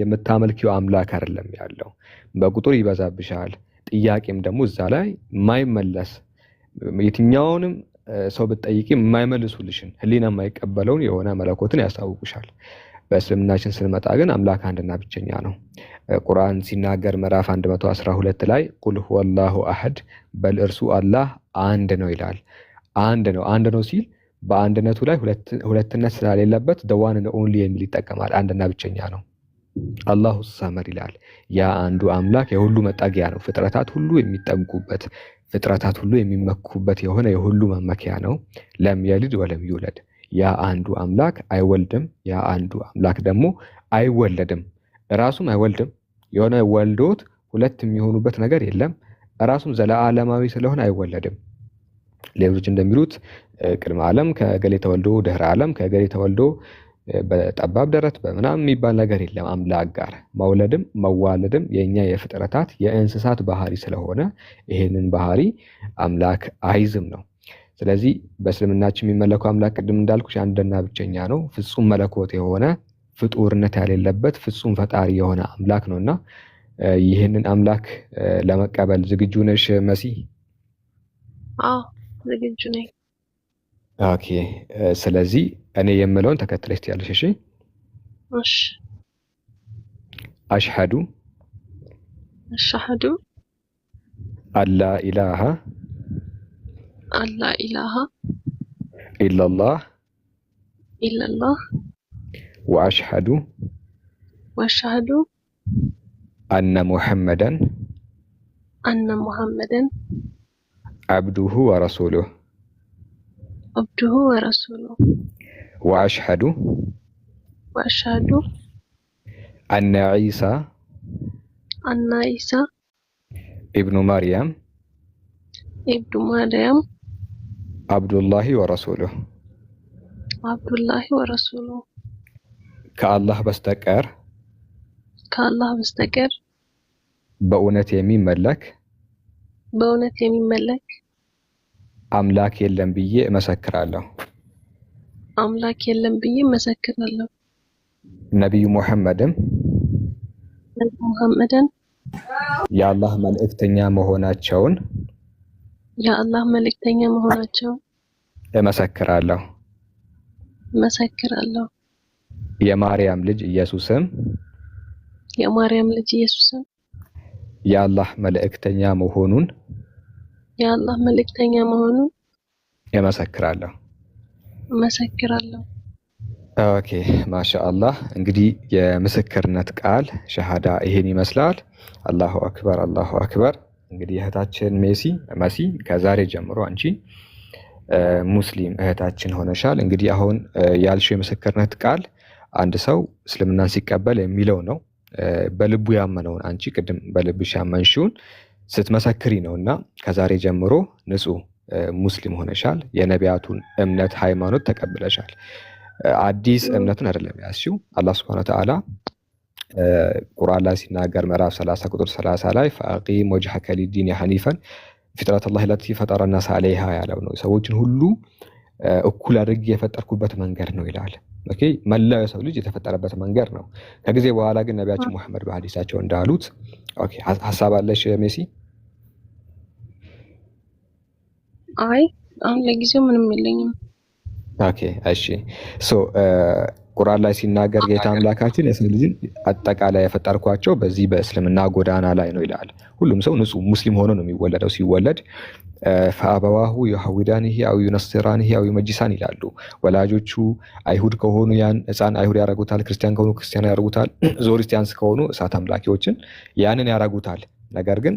የምታመልኪው አምላክ አይደለም ያለው። በቁጥር ይበዛብሻል። ጥያቄም ደግሞ እዛ ላይ የማይመለስ የትኛውንም ሰው ብትጠይቂ የማይመልሱልሽን ህሊና የማይቀበለውን የሆነ መለኮትን ያስታውቁሻል። በእስልምናችን ስንመጣ ግን አምላክ አንድና ብቸኛ ነው። ቁርአን ሲናገር ምዕራፍ 112 ላይ ቁል ሁወላሁ አህድ በል እርሱ አላህ አንድ ነው ይላል። አንድ ነው አንድ ነው ሲል በአንድነቱ ላይ ሁለትነት ስለሌለበት ደዋንን ኦንሊ የሚል ይጠቀማል። አንድና ብቸኛ ነው። አላሁ ሳመር ይላል። ያ አንዱ አምላክ የሁሉ መጠጊያ ነው። ፍጥረታት ሁሉ የሚጠጉበት፣ ፍጥረታት ሁሉ የሚመኩበት የሆነ የሁሉ መመኪያ ነው። ለም የልድ ወለም ይውለድ። ያ አንዱ አምላክ አይወልድም። ያ አንዱ አምላክ ደግሞ አይወለድም። ራሱም አይወልድም። የሆነ ወልዶት ሁለት የሚሆኑበት ነገር የለም። ራሱም ዘለዓለማዊ ስለሆነ አይወለድም። ሌሎች እንደሚሉት ቅድመ ዓለም ከገሌ ተወልዶ ድህረ ዓለም ከገሌ ተወልዶ በጠባብ ደረት በምናምን የሚባል ነገር የለም። አምላክ ጋር መውለድም መዋለድም የእኛ የፍጥረታት የእንስሳት ባህሪ ስለሆነ ይህንን ባህሪ አምላክ አይዝም ነው። ስለዚህ በእስልምናችን የሚመለከው አምላክ ቅድም እንዳልኩሽ አንድና ብቸኛ ነው፣ ፍጹም መለኮት የሆነ ፍጡርነት ያሌለበት ፍጹም ፈጣሪ የሆነ አምላክ ነው እና ይህንን አምላክ ለመቀበል ዝግጁ ነሽ መሲ? ዝግጁ ነኝ። ኦኬ። ስለዚህ እኔ የምለውን ተከትለሽ ትያለሽ። እሺ እሺ። አሽሐዱ አሽሐዱ አላ ኢላሃ አላ ኢላሃ ኢላላህ ኢላላህ ወአሽሐዱ ወአሽሐዱ አነ ሙሐመደን አነ ሙሐመደን አብዱሁ ወረሱሉሁ አብዱሁ ወረሱሉሁ ወአሽሐዱ ወአሽሐዱ አነ ዒሳ አነ ዒሳ ኢብኑ ማርያም ኢብኑ ማርያም አብዱላሂ ወረሱሉ አብዱላሂ ወረሱሉሁ ከአላህ በስተቀር ከአላህ በስተቀር በእውነት የሚመለክ በእውነት የሚመለክ አምላክ የለም ብዬ እመሰክራለሁ። አምላክ የለም ብዬ መሰክራለሁ። ነቢዩ ሙሐመድም ሙሐመድን የአላህ መልእክተኛ መሆናቸውን የአላህ መልእክተኛ መሆናቸው እመሰክራለሁ እመሰክራለሁ። የማርያም ልጅ ኢየሱስም የማርያም ልጅ ኢየሱስም የአላህ መልእክተኛ መሆኑን የአላህ መልእክተኛ መሆኑን እመሰክራለሁ። እመሰክራለሁ። ኦኬ ማሻአላህ። እንግዲህ የምስክርነት ቃል ሸሃዳ ይሄን ይመስላል። አላሁ አክበር፣ አላሁ አክበር። እንግዲህ እህታችን ሜሲ መሲ ከዛሬ ጀምሮ አንቺ ሙስሊም እህታችን ሆነሻል። እንግዲህ አሁን ያልሽው የምስክርነት ቃል አንድ ሰው እስልምናን ሲቀበል የሚለው ነው። በልቡ ያመነውን አንቺ ቅድም በልብሽ ያመንሽውን ስትመሰክሪ ነው እና ከዛሬ ጀምሮ ንጹህ ሙስሊም ሆነሻል። የነቢያቱን እምነት ሃይማኖት ተቀብለሻል። አዲስ እምነቱን አይደለም ያስዩ አላህ ስብሐነ ወተዓላ ቁርአን ላይ ሲናገር ምዕራፍ 30 ቁጥር 30 ላይ ፈአቂም ወጅሐከ ሊዲን ሐኒፈን ፊጥረት ላ ላቲ ፈጠረ ናስ አለይሃ ያለው ነው። ሰዎችን ሁሉ እኩል አድርጌ የፈጠርኩበት መንገድ ነው ይላል። መላው የሰው ልጅ የተፈጠረበት መንገድ ነው። ከጊዜ በኋላ ግን ነቢያችን ሙሐመድ በሀዲሳቸው እንዳሉት ሀሳብ አለሽ ሜሲ አይ አሁን ለጊዜው ምንም የለኝም። ኦኬ እሺ። ሶ ቁርአን ላይ ሲናገር ጌታ አምላካችን የሰው ልጅን አጠቃላይ የፈጠርኳቸው በዚህ በእስልምና ጎዳና ላይ ነው ይላል። ሁሉም ሰው ንጹህ ሙስሊም ሆኖ ነው የሚወለደው። ሲወለድ ፈአበዋሁ ዩሐዊዳኒሂ አው ዩነስራኒሂ አዊ መጂሳን ይላሉ። ወላጆቹ አይሁድ ከሆኑ ያን ህፃን አይሁድ ያረጉታል፣ ክርስቲያን ከሆኑ ክርስቲያን ያረጉታል፣ ዞርስቲያንስ ከሆኑ እሳት አምላኪዎችን ያንን ያረጉታል። ነገር ግን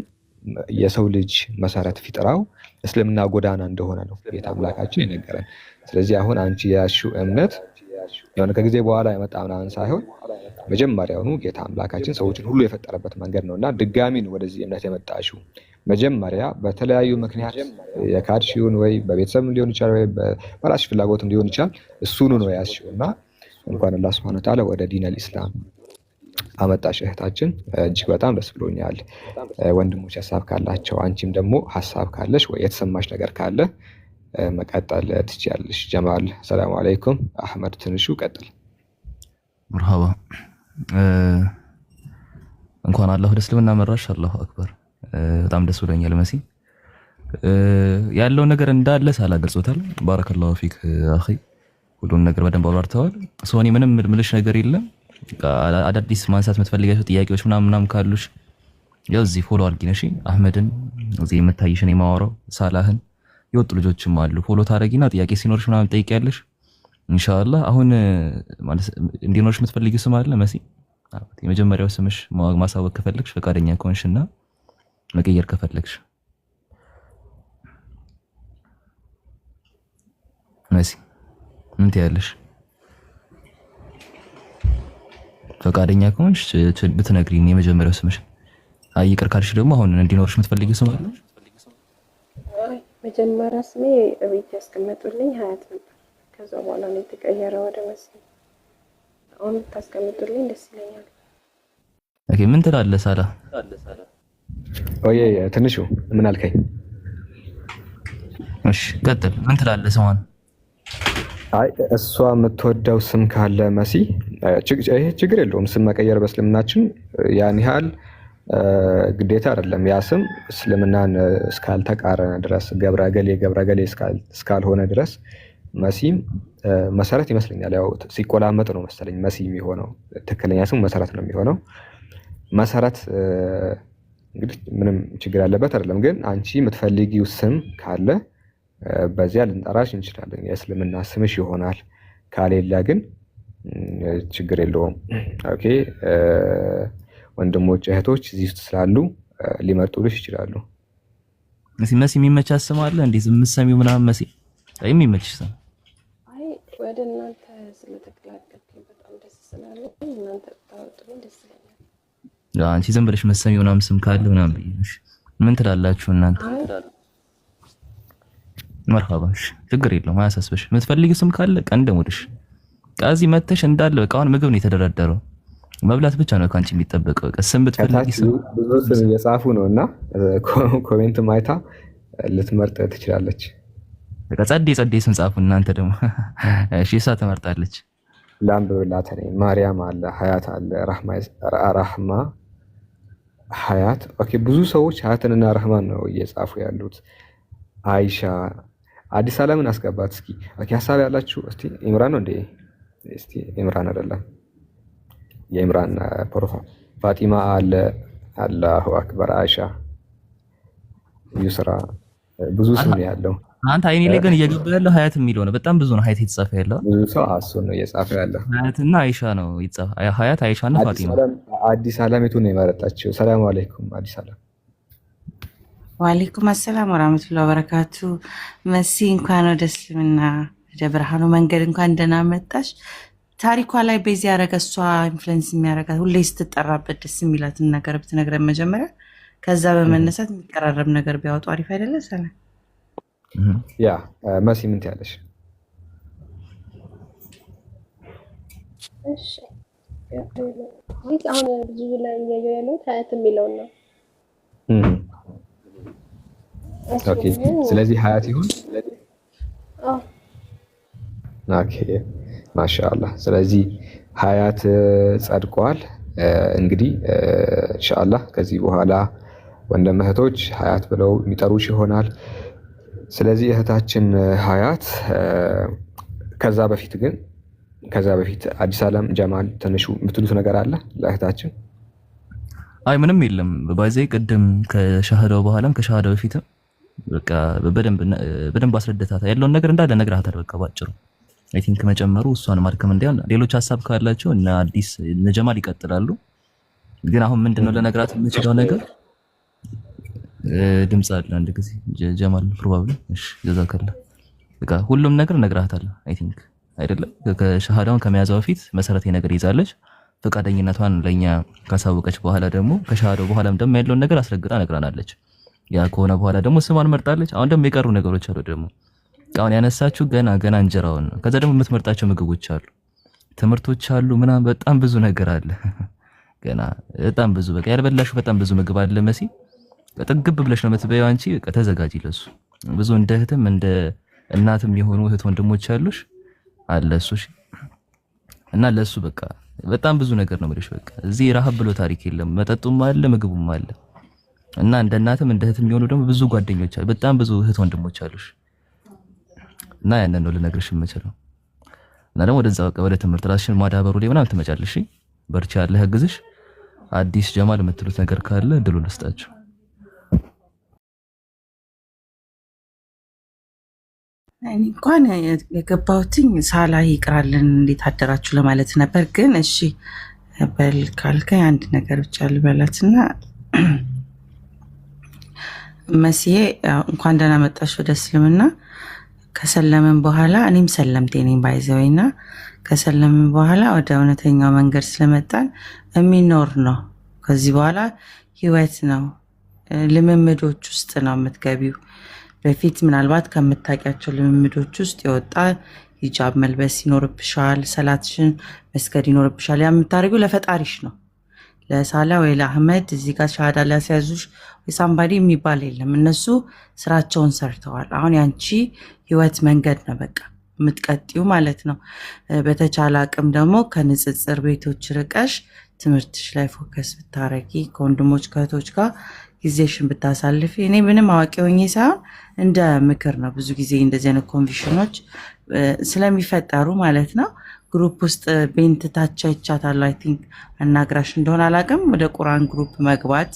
የሰው ልጅ መሰረት ፊጥራው እስልምና ጎዳና እንደሆነ ነው ቤት አምላካችን የነገረን። ስለዚህ አሁን አንቺ የያዝሽው እምነት የሆነ ከጊዜ በኋላ የመጣ ምናምን ሳይሆን መጀመሪያውኑ ጌታ አምላካችን ሰዎችን ሁሉ የፈጠረበት መንገድ ነው እና ድጋሚ ነው ወደዚህ እምነት የመጣሽው። መጀመሪያ በተለያዩ ምክንያት የካድሽውን ወይ በቤተሰብ ሊሆን ይችላል፣ ወይ በራስሽ ፍላጎትም ሊሆን ይችላል። እሱኑ ነው የያዝሽው እና እንኳን አላህ ሱብሃነሁ ወተዓላ ወደ ዲን አልኢስላም አመጣሽ እህታችን እጅግ በጣም ደስ ብሎኛል። ወንድሞች ሀሳብ ካላቸው፣ አንቺም ደግሞ ሀሳብ ካለሽ ወይ የተሰማሽ ነገር ካለ መቀጠል ትችያለሽ። ጀማል ሰላም አለይኩም። አህመድ ትንሹ ቀጥል። መርሃባ እንኳን አላሁ ደስ ልምና መራሽ። አላሁ አክበር። በጣም ደስ ብሎኛል። መሲ ያለው ነገር እንዳለ ሳላ ገልጾታል። ባረከላሁ ፊክ አኺ። ሁሉን ነገር በደንብ አብራርተዋል። ሶኒ ምንም ምልሽ ነገር የለም አዳዲስ ማንሳት የምትፈልጋቸው ጥያቄዎች ምናምን ምናምን ካሉሽ ያው እዚህ ፎሎ አድርጊን። አህመድን እዚህ የምታይሽን የማወራው ሳላህን የወጡ ልጆችም አሉ። ፎሎ ታደረጊና ጥያቄ ሲኖርሽ ምናምን ጠይቂያለሽ። እንሻላ አሁን እንዲኖርሽ የምትፈልጊው ስም አለ መሲ። የመጀመሪያው ስምሽ ማሳወቅ ከፈለግሽ ፈቃደኛ እና መቀየር ከፈለግሽ መሲ ምን ትያለሽ? ፈቃደኛ ከሆንሽ ብትነግሪኝ የመጀመሪያው ስምሽ። አይ ይቅር ካልሽ ደግሞ አሁን እንዲኖርሽ የምትፈልጊ ስም አለ? መጀመሪያ ስሜ እቤት ያስቀመጡልኝ ሀያት ነበር። ከዛ በኋላ ነው የተቀየረ ወደ መሰለኝ። አሁን ብታስቀምጡልኝ ደስ ይለኛል። ኦኬ ምን ትላለህ ሳላ? ኦዬ ትንሹ ምን አልከኝ? እሺ ቀጥል። ምን ትላለህ ስሟን አይ እሷ የምትወደው ስም ካለ መሲ ይሄ ችግር የለውም። ስም መቀየር በእስልምናችን ያን ያህል ግዴታ አይደለም። ያ ስም እስልምናን እስካልተቃረነ ድረስ ገብረገል የገብረገል እስካልሆነ ድረስ መሲም መሰረት ይመስለኛል። ያው ሲቆላመጥ ነው መሰለኝ መሲ የሚሆነው ትክክለኛ ስም መሰረት ነው የሚሆነው። መሰረት እንግዲህ ምንም ችግር ያለበት አይደለም። ግን አንቺ የምትፈልጊው ስም ካለ በዚያ ልንጠራሽ እንችላለን። የእስልምና ስምሽ ይሆናል። ካሌላ ግን ችግር የለውም። ኦኬ ወንድሞች እህቶች እዚህ ውስጥ ስላሉ ሊመርጡልሽ ይችላሉ። እዚህ መሲ የሚመች ስም አለ እንዴ? የምትሰሚው ምናምን መሲ የሚመች ስም? አይ ወደ እናንተ ስለተቀላቀልኩኝ በጣም ደስ ስላለ እናንተ ታወጡልኝ ደስ ይለኛል። አንቺ ዝም ብለሽ መሰሚው ምናምን ስም ካለ ምናምን ምን ትላላችሁ እናንተ? መርሃባሽ ችግር የለውም አያሳስበሽ። የምትፈልጊው ስም ካለ ቀን ደሙድሽ ቃዚ መተሽ እንዳለ በቃ አሁን ምግብ ነው የተደረደረው። መብላት ብቻ ነው ከአንቺ የሚጠበቀው። በቃ ስም ብትፈልጊ ስም ብዙ ስም እየጻፉ ነው እና ኮሜንት ማይታ ልትመርጥ ትችላለች። በቃ ጸዴ ጸዴ ስም ጻፉ እናንተ ደግሞ እሺ። እሷ ትመርጣለች። ላምብብላት እኔ ማርያም አለ ሀያት አለ ራህማ ሀያት። ኦኬ ብዙ ሰዎች ሀያትንና ራህማን ነው እየጻፉ ያሉት አይሻ አዲስ አለምን አስገባት እስኪ። ኦኬ ሀሳብ ያላችሁ እስቲ ኢምራን ነው እንዴ? እስቲ ኢምራን አይደለም የኢምራን ፕሮፋይል ፋጢማ አለ። አላሁ አክበር አይሻ፣ ዩስራ ብዙ ስም ያለው አንተ አይኔ ላይ ግን እየገባ ያለው ሀያት የሚለው ነው። በጣም ብዙ ነው ሀያት የተጻፈ ያለው ብዙ ሰው አሱ ነው እየጻፈ ያለው ሀያትና አይሻ ነው። ሀያት አይሻና እና ፋጢማ አዲስ አለም የቱን ነው የመረጣቸው? ሰላም አለይኩም አዲስ አለም ዋሌኩም አሰላም ወራህመቱላ በረካቱ። መሲ እንኳን ወደ እስልምና ወደ ብርሃኑ መንገድ እንኳን ደህና መጣሽ። ታሪኳ ላይ በዚህ ያደረገ እሷ ኢንፍሉዌንስ የሚያደርጋት ሁሌ ስትጠራበት ደስ የሚላትን ነገር ብትነግረን መጀመሪያ፣ ከዛ በመነሳት የሚቀራረብ ነገር ቢያወጡ አሪፍ አይደለ? ሰላም ያ መሲ ምንት ያለሽ? አሁን ብዙ ላይ እያየሁ ያለሁት ሀያት የሚለውን ነው ኦኬ። ስለዚህ ሀያት ይሁን ኦኬ። ማሻአላህ። ስለዚህ ሀያት ጸድቋል። እንግዲህ ኢንሻአላህ ከዚህ በኋላ ወንድም እህቶች ሀያት ብለው የሚጠሩሽ ይሆናል። ስለዚህ እህታችን ሀያት ከዛ በፊት ግን ከዛ በፊት አዲስ አለም ጀማል ትንሹ የምትሉት ነገር አለ ለእህታችን? አይ ምንም የለም። ባዜ ቅድም ከሻህዳው በኋላም ከሻህዳው በፊትም በደንብ አስረድታታ ያለውን ነገር እንዳለ ነግራታል። በቃ ባጭሩ አይ ቲንክ መጨመሩ እሷን ማድከም እንዳይሆን፣ ሌሎች ሀሳብ ካላቸው እና አዲስ እነ ጀማል ይቀጥላሉ። ግን አሁን ምንድነው ለነግራት የምችለው ነገር ድምጽ አለ አንድ ጊዜ ጀማል ፕሮባብሊ እሺ፣ በቃ ሁሉም ነገር ነግራታለሁ። አይ ቲንክ አይደለም ከሸሃዳውን ከመያዛው በፊት መሰረታዊ ነገር ይዛለች። ፈቃደኝነቷን ለኛ ካሳወቀች በኋላ ደግሞ ከሸሃዳው በኋላም ደግሞ ያለውን ነገር አስረግጣ ነግራናለች። ያ ከሆነ በኋላ ደግሞ ስማን መርጣለች። አሁን ደግሞ የቀሩ ነገሮች አሉ። ደግሞ አሁን ያነሳችሁ ገና ገና እንጀራውን ነው። ከዛ ደግሞ የምትመርጣቸው ምግቦች አሉ፣ ትምህርቶች አሉ፣ ምናምን በጣም ብዙ ነገር አለ። ገና በጣም ብዙ በቃ ያልበላሽው በጣም ብዙ ምግብ አለ። መሲ ጥግብ ብለሽ ነው የምትበይው አንቺ። በቃ ተዘጋጂ ለሱ። ብዙ እንደ እህትም እንደ እናትም የሆኑ እህት ወንድሞች አሉሽ አለ እሱ እና ለሱ በቃ በጣም ብዙ ነገር ነው የምልሽ። በቃ እዚህ ረሃብ ብሎ ታሪክ የለም። መጠጡም አለ ምግቡም አለ። እና እንደ እናትም እንደ እህትም የሚሆኑ ደግሞ ብዙ ጓደኞች አሉ። በጣም ብዙ እህት ወንድሞች አሉሽ። እና ያንን ነው ልነግርሽ የምችለው። እና ደግሞ ወደዛ በቃ ወደ ትምህርት ራስሽን ማዳበሩ ላይ ምናምን ትመጫለሽ። በርቻ ያለ ህግዝሽ አዲስ ጀማል የምትሉት ነገር ካለ እድሉ ልስጣችሁ። እኔ እንኳን የገባሁትኝ ሳላ ይቅራልን እንዴት አደራችሁ ለማለት ነበር። ግን እሺ በል ካልከኝ አንድ ነገር ብቻ ልበላትና መሲሄ እንኳን ደህና መጣሽ ወደ እስልምና። ከሰለምን በኋላ እኔም ሰለምቴ ነኝ ባይዘወይና ከሰለምን በኋላ ወደ እውነተኛው መንገድ ስለመጣን የሚኖር ነው። ከዚህ በኋላ ህይወት ነው፣ ልምምዶች ውስጥ ነው የምትገቢው። በፊት ምናልባት ከምታውቂያቸው ልምምዶች ውስጥ የወጣ ሂጃብ መልበስ ይኖርብሻል፣ ሰላትሽን መስገድ ይኖርብሻል። ያ የምታደርጊው ለፈጣሪሽ ነው ለሳላ ወይ ለአህመድ እዚህ ጋር ሻሃዳ ሊያስያዙሽ ወይ ሳምባዲ የሚባል የለም። እነሱ ስራቸውን ሰርተዋል። አሁን ያንቺ ህይወት መንገድ ነው በቃ የምትቀጥዩ ማለት ነው። በተቻለ አቅም ደግሞ ከንጽጽር ቤቶች ርቀሽ ትምህርትሽ ላይ ፎከስ ብታረጊ፣ ከወንድሞች ከእህቶች ጋር ጊዜሽን ብታሳልፊ። እኔ ምንም አዋቂ ሆኜ ሳይሆን እንደ ምክር ነው። ብዙ ጊዜ እንደዚህ አይነት ኮንቪሽኖች ስለሚፈጠሩ ማለት ነው ግሩፕ ውስጥ ቤንት ታቻ ይቻታለሁ። አይ ቲንክ አናግራሽ እንደሆነ አላውቅም። ወደ ቁርአን ግሩፕ መግባት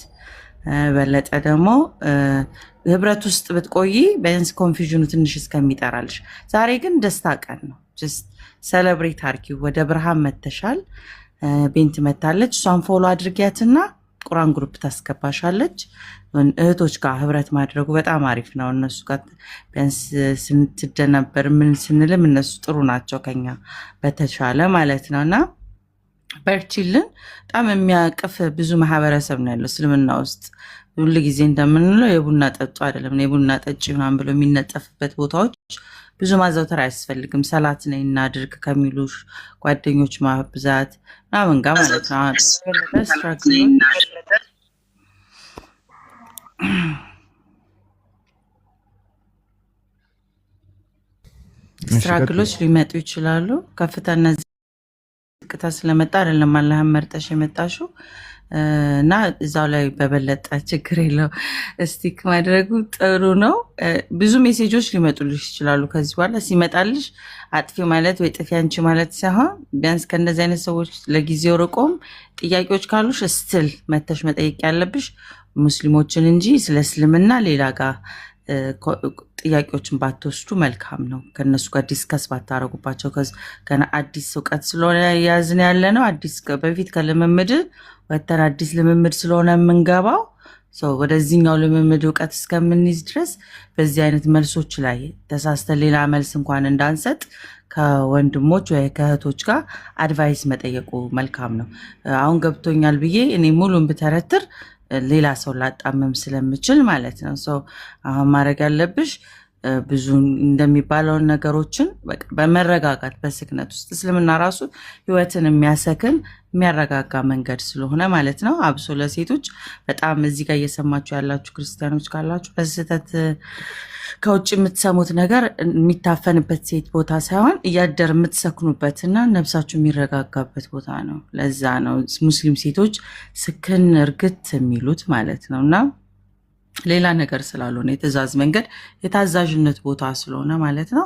በለጠ ደግሞ ህብረት ውስጥ ብትቆይ ቢያንስ ኮንፊዥኑ ትንሽ እስከሚጠራልሽ። ዛሬ ግን ደስታ ቀን ነው። ሰለብሬት አርኪ ወደ ብርሃን መተሻል። ቤንት መታለች። እሷን ፎሎ አድርጊያትና ቁራን ግሩፕ ታስገባሻለች። እህቶች ጋር ህብረት ማድረጉ በጣም አሪፍ ነው። እነሱ ጋር ቢያንስ ስንትደነበር ምን ስንልም እነሱ ጥሩ ናቸው ከኛ በተሻለ ማለት ነው እና በርቺልን። በጣም የሚያቅፍ ብዙ ማህበረሰብ ነው ያለው እስልምና ውስጥ ሁሉ ጊዜ እንደምንለው የቡና ጠጡ አይደለም። የቡና ጠጪ ምናምን ብሎ የሚነጠፍበት ቦታዎች ብዙ ማዘውተር አያስፈልግም። ሰላት ነይ እናድርግ ከሚሉ ጓደኞች ማብዛት ምናምን ጋር ማለት ነው። ስትራግሎች ሊመጡ ይችላሉ። ከፍታ ዝቅታ ስለመጣ አይደለም አላህን መርጠሽ የመጣሽው እና እዛው ላይ በበለጠ ችግር የለው ስቲክ ማድረጉ ጥሩ ነው። ብዙ ሜሴጆች ሊመጡልሽ ይችላሉ። ከዚህ በኋላ ሲመጣልሽ አጥፊ ማለት ወይ ጥፊ አንቺ ማለት ሳይሆን ቢያንስ ከእንደዚህ አይነት ሰዎች ለጊዜው ርቆም ጥያቄዎች ካሉሽ ስትል መተሽ መጠየቅ ያለብሽ ሙስሊሞችን እንጂ ስለ እስልምና ሌላ ጋር ጥያቄዎችን ባትወስዱ መልካም ነው። ከነሱ ጋር ዲስከስ ባታረጉባቸው ገና አዲስ እውቀት ስለሆነ ያዝን ያለ ነው። አዲስ በፊት ከልምምድ ወተን አዲስ ልምምድ ስለሆነ የምንገባው ወደዚህኛው ልምምድ እውቀት እስከምንይዝ ድረስ በዚህ አይነት መልሶች ላይ ተሳስተን ሌላ መልስ እንኳን እንዳንሰጥ ከወንድሞች ወይ ከእህቶች ጋር አድቫይስ መጠየቁ መልካም ነው። አሁን ገብቶኛል ብዬ እኔ ሙሉን ብተረትር ሌላ ሰው ላጣመም ስለምችል ማለት ነው። አሁን ማድረግ ያለብሽ ብዙ እንደሚባለውን ነገሮችን በመረጋጋት በስክነት ውስጥ እስልምና ራሱ ህይወትን የሚያሰክን የሚያረጋጋ መንገድ ስለሆነ ማለት ነው። አብሶ ለሴቶች በጣም እዚህ ጋር እየሰማችሁ ያላችሁ ክርስቲያኖች ካላችሁ በስህተት ከውጭ የምትሰሙት ነገር የሚታፈንበት ሴት ቦታ ሳይሆን እያደር የምትሰክኑበት እና ነብሳችሁ የሚረጋጋበት ቦታ ነው። ለዛ ነው ሙስሊም ሴቶች ስክን እርግት የሚሉት ማለት ነው እና ሌላ ነገር ስላልሆነ የትእዛዝ መንገድ የታዛዥነት ቦታ ስለሆነ ማለት ነው።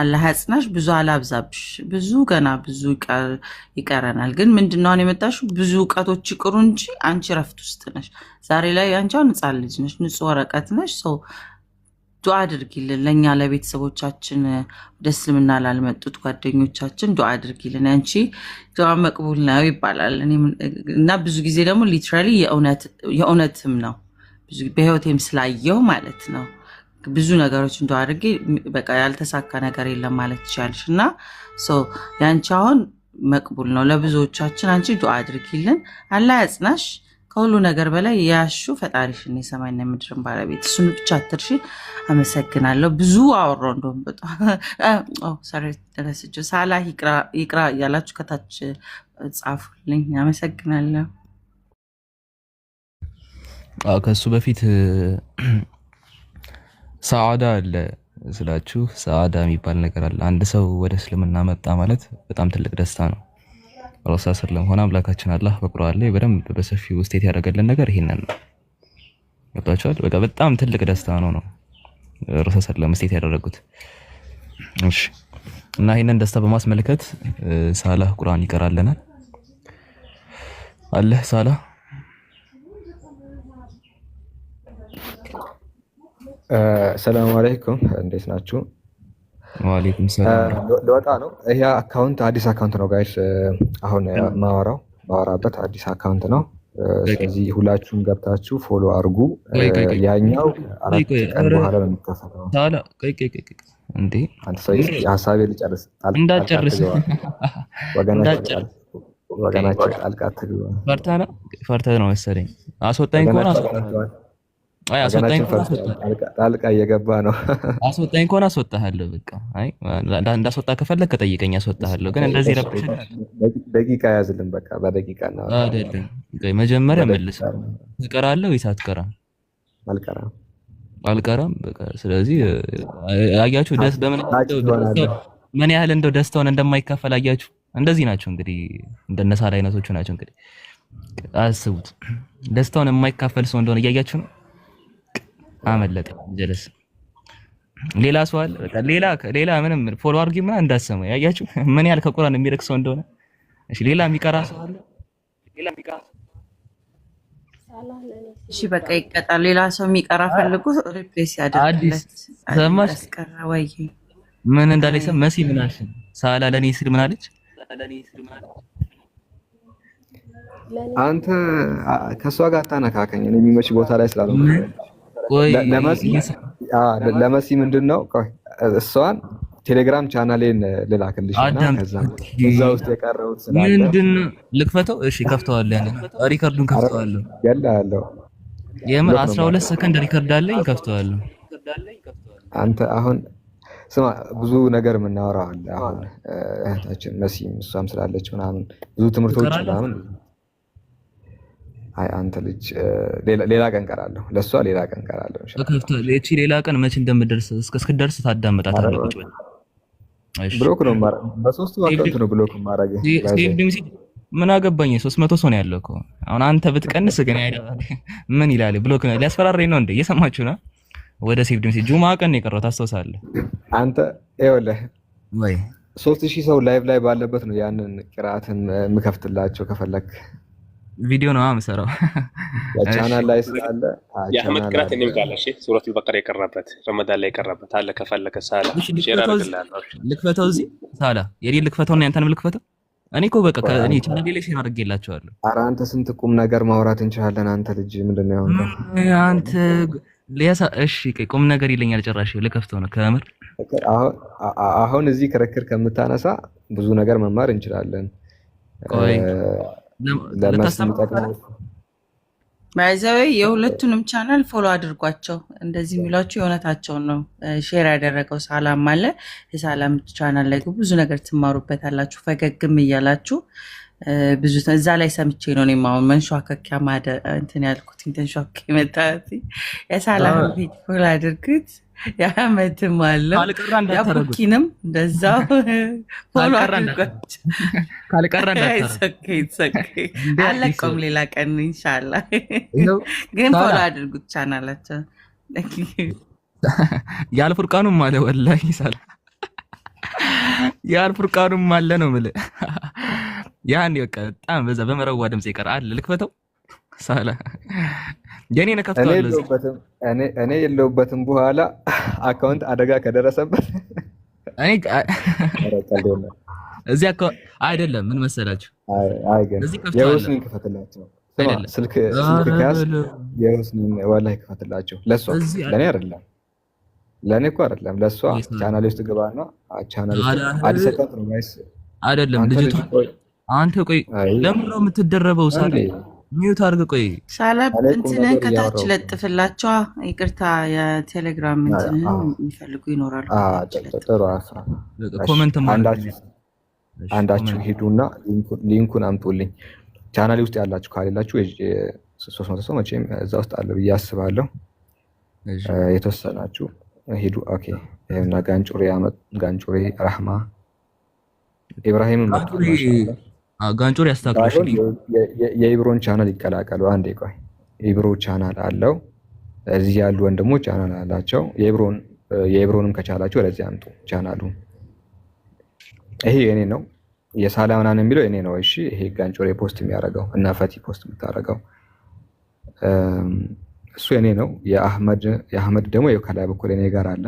አላህ ያጽናሽ። ብዙ አላብዛብሽ። ብዙ ገና ብዙ ይቀረናል። ግን ምንድን ነው የመጣሽው? ብዙ እውቀቶች ይቅሩ እንጂ አንቺ ረፍት ውስጥ ነሽ። ዛሬ ላይ አንቺ ንጻ ልጅ ነሽ፣ ንጹህ ወረቀት ነሽ። ሰው ዱ አድርጊልን ለእኛ ለቤተሰቦቻችን፣ ወደ እስልምና ላልመጡት ጓደኞቻችን ዱ አድርጊልን። አንቺ ዱዓ መቅቡል ነው ይባላል እና ብዙ ጊዜ ደግሞ ሊትራሊ የእውነትም ነው ብዙ በህይወቴም ስላየው ማለት ነው ብዙ ነገሮች እንደ አድርጌ በቃ ያልተሳካ ነገር የለም ማለት ይቻልሽ እና ያንቺ አሁን መቅቡል ነው ለብዙዎቻችን። አንቺ ዱ አድርጊልን፣ አላህ ያጽናሽ። ከሁሉ ነገር በላይ ያሹ ፈጣሪሽን የሰማይና የምድርን ባለቤት እሱን ብቻ አትርሺ። አመሰግናለሁ። ብዙ አወራሁ። እንደውም በጣም ሰሪ ይቅራ እያላችሁ ከታች ጻፉልኝ። አመሰግናለሁ። ከሱ በፊት ሰዓዳ አለ ስላችሁ ሰዓዳ የሚባል ነገር አለ። አንድ ሰው ወደ እስልምና መጣ ማለት በጣም ትልቅ ደስታ ነው። ረሳ ስለም ሆነ አምላካችን አላህ በቁርአን ላይ በደንብ በሰፊ ውስጤት ያደረገልን ነገር ይሄንን ነው። ገብታችኋል? በቃ በጣም ትልቅ ደስታ ነው ነው ረሳ ስለም ውስጤት ያደረጉት። እሺ እና ይሄንን ደስታ በማስመልከት ሳላህ ቁርአን ይቀራልናል አለ ሳላህ ሰላም አለይኩም እንዴት ናችሁ? ዋሌኩም ሰላም። ለወጣ ነው። ይሄ አካውንት አዲስ አካውንት ነው ጋይስ። አሁን ማወራው ማወራበት አዲስ አካውንት ነው። ስለዚህ ሁላችሁም ገብታችሁ ፎሎ አድርጉ። ያኛው ሀሳቤ ልጨርስ እንዳጨርስ ወገናቸው ጣልቃ ትግባ። ፈርተህ ነው መሰለኝ አስወጣኝ ከሆነ ጣልቃ እየገባ ነው። አስወጣኝ ከሆነ አስወጣሃለሁ። በቃ እንዳስወጣ ከፈለግ ከጠይቀኝ አስወጣሃለሁ። ግን እንደዚህ ደቂቃ ያዝልን። በቃ በደቂቃ ነው አይደለም። መጀመሪያ መልስ ትቀራለህ ወይስ አትቀራም? አልቀራም አልቀራም። በቃ ስለዚህ አያችሁ፣ ደስ በምን ምን ያህል እንደው ደስታውን እንደማይካፈል አያችሁ። እንደዚህ ናቸው እንግዲህ እንደነሳል አይነቶቹ ናቸው እንግዲህ አስቡት። ደስታውን የማይካፈል ሰው እንደሆነ እያያችሁ ነው። አመለጠ ጀለስ ሌላ ሰው አለ። በቃ ሌላ ሌላ ምንም ፎሎ አድርጊ ምናምን እንዳሰማ ያያችሁ ምን ያህል ከቁርአን የሚርቅ ሰው እንደሆነ። እሺ ሌላ የሚቀራ ሰው አለ። ሌላ የሚቀራ እሺ በቃ ይቀጣል። ሌላ ሰው የሚቀራ ፈልጉ፣ ሪፕሌስ ያደርግለት። ሰማሽ ምን እንዳለ ሰም መሲ ምን አልሽ? ሳላ ለኔ ስል ምን አለች? አንተ ከእሷ ጋር አታነካከኝ የሚመች ቦታ ላይ ስላልሆነ ለመሲ ምንድን ነው እሷን ቴሌግራም ቻናሌን ልላክልሽ እዛ ውስጥ የቀረቡት ምንድን ልክፈተው? እሺ ከፍተዋለሁ። ያንን ሪከርዱን ከፍተዋለሁ። ገላለሁ። የምር አስራ ሁለት ሰከንድ ሪከርድ አለኝ። ከፍተዋለሁ። አንተ አሁን ስማ፣ ብዙ ነገር የምናወራው አሁን እህታችን መሲም እሷም ስላለች ምናምን ብዙ ትምህርቶች ምናምን አይ አንተ ልጅ ሌላ ቀን ቀራለሁ፣ ለእሷ ሌላ ቀን ቀራለሁ። ሌላ ቀን መቼ እንደምደርስ እስክደርስ ታዳመጣት ብሎክ ነው በሶስቱ አካውንት ነው ብሎክ ማድረግ ምን አገባኝ። ሶስት መቶ ሰው ነው ያለው እኮ አሁን አንተ ብትቀንስ ግን ምን ይላል? ብሎክ ነው ሊያስፈራራኝ ነው እንዴ? እየሰማችሁ ነው። ወደ ሴቭድ ሜሴጅ ጁማ ቀን የቀረው ታስታውሳለህ አንተ ይኸውልህ ወይ ሶስት ሺህ ሰው ላይቭ ላይ ባለበት ነው ያንን ቅራትን የምከፍትላቸው ከፈለክ ቪዲዮ ነው የምሰራው። ቻናል ላይ ስላለ የአህመድ ቅራት የሚባል ሱረት አልበቀራ የቀረበት ረመዳን ላይ የቀረበት አለ። ከፈለከ ሳላ ልክፈተው፣ እዚህ ሳላ የኔ ልክፈተው እና ያንተንም ልክፈተው። እኔ እኮ በቃ እኔ ቻናል ላይ ሼር አድርጌላቸዋለሁ። ኧረ አንተ ስንት ቁም ነገር ማውራት እንችላለን። አንተ ልጅ ምንድን ነው አንተ ሊያሳ እሺ፣ ቁም ነገር ይለኛል። ጭራሽ ልከፍተው ነው ከምር። አሁን እዚህ ክርክር ከምታነሳ ብዙ ነገር መማር እንችላለን። ማይዛዊ የሁለቱንም ቻናል ፎሎ አድርጓቸው። እንደዚህ የሚሏቸው የእውነታቸውን ነው ሼር ያደረገው። ሳላም አለ የሳላም ቻናል ላይ ብዙ ነገር ትማሩበታላችሁ። ፈገግም እያላችሁ ብዙ እዛ ላይ ሰምቼ ነው እኔም አሁን መንሸዋከኪያ ማደ እንትን ያልኩት ንተንሸዋከ መታ የሳላም ፎሎ አድርግት የአመትም አለው ያቡኪንም እንደዛው አለቀውም። ሌላ ቀን እንሻላ ግን ፎሎ አድርጉት ቻናላቸው የአልፉርቃኑም አለ ወላ ሳላ የአልፉርቃኑም አለ ነው ምል ያን በቃ በጣም በዛ በመረዋ ድምፅ ይቀር አለ ልክፈተው ሳላ የኔ እኔ የለውበትም። በኋላ አካውንት አደጋ ከደረሰበት እዚህ አይደለም ምን መሰላችሁ፣ ክፈትላቸው ስልክ ክፈትላቸው። ለእሷ ለእኔ አይደለም ለእኔ እኮ አይደለም ለእሷ ቻናል ውስጥ ግባ ነው ቻናል አዲስ አይደለም። ልጅቷ አንተ ቆይ ለምን ነው የምትደረበው? ሳሌ ሚዩት አድርገ ቆይ ሳላ እንትንህን ከታች ለጥፍላቸው። ይቅርታ የቴሌግራም እንትንህን የሚፈልጉ ይኖራሉ። ኮመንት አንዳችሁ ሂዱና ሊንኩን አምጡልኝ። ቻናሌ ውስጥ ያላችሁ ካሌላችሁ ሶስት መቶ ሰው መቼም እዛ ውስጥ አለ ብዬ አስባለሁ። የተወሰናችሁ ሂዱ። ኦኬ ይሄና ጋንጩሬ፣ ጋንጩሬ፣ ረህማ፣ ኢብራሂም ጋንጮር ያስተካክላል። የኢብሮን ቻናል ይቀላቀሉ። አንዴ ቆይ፣ ኢብሮ ቻናል አለው። እዚህ ያሉ ወንድሞች ቻናል አላቸው። የኢብሮንም ከቻላቸው ወደዚህ አምጡ ቻናሉ። ይሄ የኔ ነው፣ የሳላምናን የሚለው የኔ ነው። እሺ፣ ይሄ ጋንጮር ፖስት የሚያደርገው እና ፈቲ ፖስት የምታደርገው እሱ የኔ ነው። የአህመድ ደግሞ ከላይ በኩል የኔ ጋር አለ።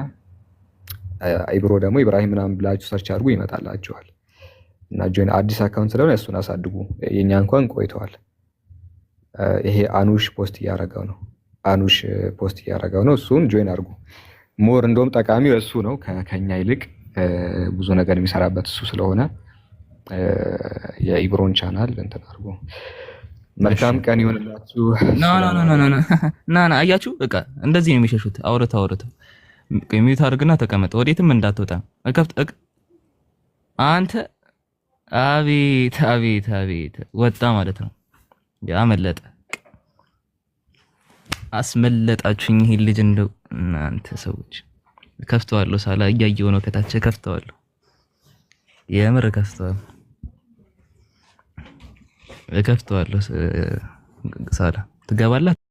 ኢብሮ ደግሞ ኢብራሂም ምናምን ብላችሁ ሰርች አድርጉ ይመጣላችኋል። እና ጆይን አዲስ አካውንት ስለሆነ እሱን አሳድጉ። የኛ እንኳን ቆይተዋል። ይሄ አኑሽ ፖስት እያረገው ነው። አኑሽ ፖስት እያረገው ነው። እሱን ጆይን አድርጉ። ሞር እንደውም ጠቃሚ እሱ ነው። ከኛ ይልቅ ብዙ ነገር የሚሰራበት እሱ ስለሆነ የኢብሮን ቻናል እንትን አድርጉ። መልካም ቀን ይሆንላችሁ። ና ና አያችሁ፣ በቃ እንደዚህ ነው የሚሸሹት። አውርተው አውርተው ሚዩት አድርግና ተቀመጠ። ወዴትም እንዳትወጣ አንተ አቤት አቤት አቤት ወጣ ማለት ነው። አመለጠ። አስመለጣችሁኝ። ይሄ ልጅ እንደው እናንተ ሰዎች ከፍተዋለሁ። ሳላ እያየሁ ነው ከታች ከፍተዋለሁ። የምር ከፍተዋለሁ፣ ከፍተዋለሁ። ሳላ ትገባላት